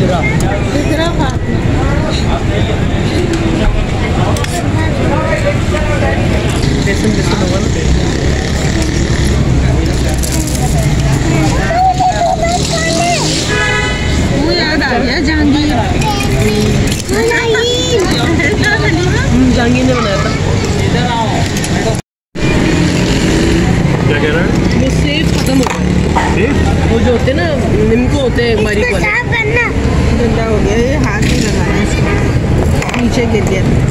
Hyderabad station Jahangir Jahangir बनाया था इधर आओ क्या है वो जो होते ना निम्को होते हैं बारीक वाले गंदा हो गया ये हाथ नहीं लगाया इसमें नीचे गिर गया